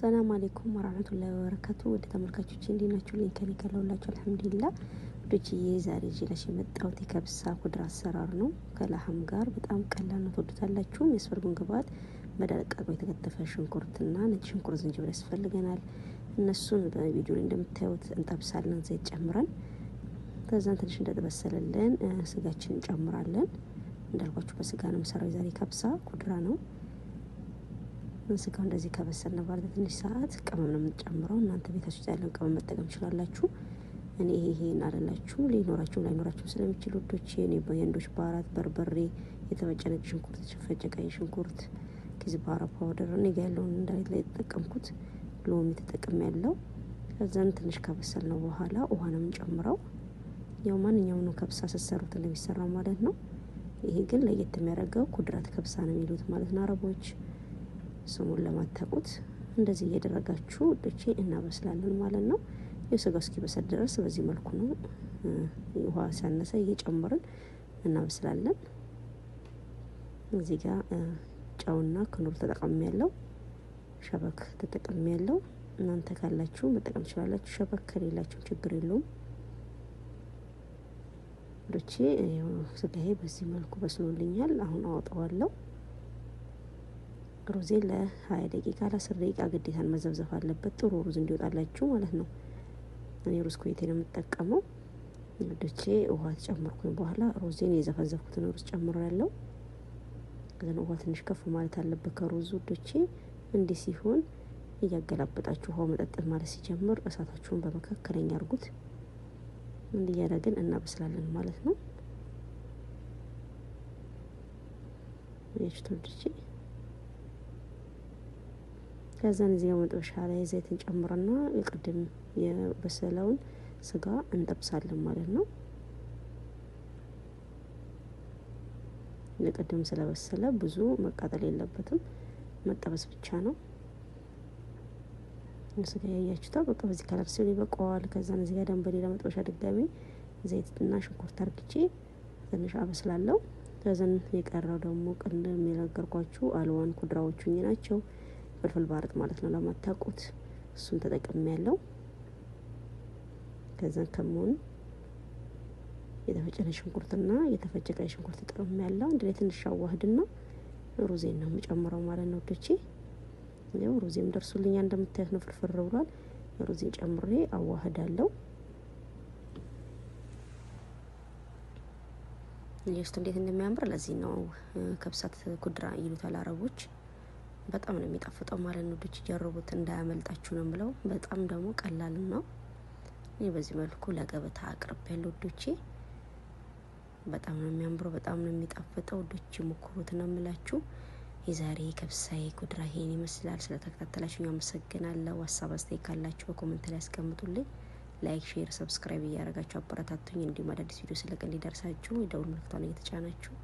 ሰላም አሌይኩም ወራህመቱላሂ ወበረካቱ። ወደ ተመልካቾች እንዴት ናችሁ? ልኝ ከኔ ከለውላችሁ አልሐምዱሊላህ። ወዶችዬ ዛሬ ይዤላችሁ የመጣሁት የከብሳ ኩድር አሰራር ነው ከለሀም ጋር በጣም ቀላል ነው፣ ትወዱታላችሁ። የሚያስፈልጉን ግብአት በደረቃቆ የተከተፈ ሽንኩርትና ነጭ ሽንኩርት፣ ዝንጅብል ያስፈልገናል። እነሱን በቪዲዮ ላይ እንደምታዩት እንጠብሳለን፣ ዘይት ጨምረን ከዛን ትንሽ እንደተበሰለልን ስጋችን እንጨምራለን። እንዳልኳችሁ በስጋ ነው የምሰራው። የዛሬ ከብሳ ኩድራ ነው። ስጋው እንደዚህ ከበሰለ በኋላ ትንሽ ሰዓት ቅመም ነው የምንጨምረው። እናንተ ቤታችሁ ያለውን ቅመም መጠቀም ይችላላችሁ። እኔ ይሄ ይሄን አለላችሁ ሊኖራችሁ ላይኖራችሁ ስለሚችል ውዶቼ፣ እኔ በየንዶች ባህራት በርበሬ፣ የተፈጨ ሽንኩርት፣ የተፈጨ ቀይ ሽንኩርት፣ ባህራ ፓውደር እኔ ጋ ያለውን እንዳሌት ላይ የተጠቀምኩት ሎሚ ተጠቅም ያለው። ከዛን ትንሽ ከበሰል ነው በኋላ ውሃ ነው የምንጨምረው። ያው ማንኛውም ነው ከብሳ ስትሰሩት እንደሚሰራው ማለት ነው። ይሄ ግን ለየት የሚያደርገው ኩድራት ከብሳ ነው የሚሉት ማለት ነው አረቦች ስሙን ለማታውቁት እንደዚህ እያደረጋችሁ ውዶቼ እናበስላለን ማለት ነው። የስጋው እስኪበስል ድረስ በዚህ መልኩ ነው። ውሃ ሲያነሰ እየጨመርን እናበስላለን። እዚህ ጋር ጨውና ክኖር ተጠቀሚ ያለው ሸበክ ተጠቀሚ ያለው እናንተ ካላችሁ መጠቀም ትችላላችሁ። ሸበክ ከሌላችሁ ችግር የለውም። ዶቼ ስጋዬ በዚህ መልኩ በስሎልኛል። አሁን አወጣዋለሁ። ሩዜ ለ ሀያ ደቂቃ ለ ደቂቃ ግዴታን መዘብዘፍ አለበት፣ ጥሩ ሩዝ እንዲወጣላችሁ ማለት ነው። እኔ ሩዝ ኩዌቴ ነው የምጠቀመው። ዶቼ ውሃ ተጨምርኩኝ በኋላ ሩዜን የዘፈዘፍኩትን ሩዝ ጨምሮ ያለው ግን ውሃ ትንሽ ከፍ ማለት አለበት ከሩዙ ዶቼ። እንዲህ ሲሆን እያገላበጣችሁ ውሃው መጠጥ ማለት ሲጀምር እሳታችሁን በመካከለኛ አድርጉት። እንዲህ እያደረግን እናበስላለን ማለት ነው። ያችቶ ዶቼ ከዛን እዚያ መጥበሻ ላይ ዘይት እንጨምርና የቅድም የበሰለውን ስጋ እንጠብሳለን ማለት ነው። የቅድም ስለበሰለ ብዙ መቃጠል የለበትም፣ መጠበስ ብቻ ነው። ስጋ ያያችሁታ በቃ በዚህ ከለር ሲሆን ይበቃዋል። ከዛን እዚጋ ደግሞ በሌላ መጥበሻ ድጋሚ ዘይትና ሽንኩርት አርግቼ ትንሽ አበስላለሁ። ከዛን የቀረው ደግሞ ቅድም የነገርኳችሁ አልዋን ኩድራዎቹኝ ናቸው። ፍልፍል ባርጥ ማለት ነው ለማታውቁት እሱን ተጠቅሜ ያለው ከዛን ከመሆን የተፈጨ ሽንኩርትና የተፈጨ ቀይ ሽንኩርት ጥቅም ያለው አንድ ትንሽ አዋህድና ሩዜን ነው የምጨምረው ማለት ነው ወዶቼ። ያው ሩዜም ደርሶልኛ እንደምታዩት ነው ፍርፍር ብሏል። ሩዜን ጨምሬ አዋህዳለው። ይህ ውስጥ እንዴት እንደሚያምር ለዚህ ነው ከብሳት ኩድራ ይሉታል አረቦች። በጣም ነው የሚጣፍጠው ማለት ነው። ልጅ ጀርቡት እንዳያመልጣችሁ ነው ብለው በጣም ደግሞ ቀላል ነው። እኔ በዚህ መልኩ ለገበታ አቅርብ ያለ ውዶቼ፣ በጣም ነው የሚያምረው፣ በጣም ነው የሚጣፍጠው። ውዶቼ ሞክሩት ነው የምላችሁ። የዛሬ ከብሳዬ ኩድራ ይሄን ይመስላል። ስለተከታተላችሁ አመሰግናለሁ። ሀሳብ አስተያየት ካላችሁ በኮመንት ላይ ያስቀምጡልኝ። ላይክ፣ ሼር፣ ሰብስክራይብ እያደረጋችሁ አበረታቱኝ። እንዲሁም አዳዲስ ቪዲዮ ስለቅ እንዲደርሳችሁ የደውል ምልክቷን እየተጫናችሁ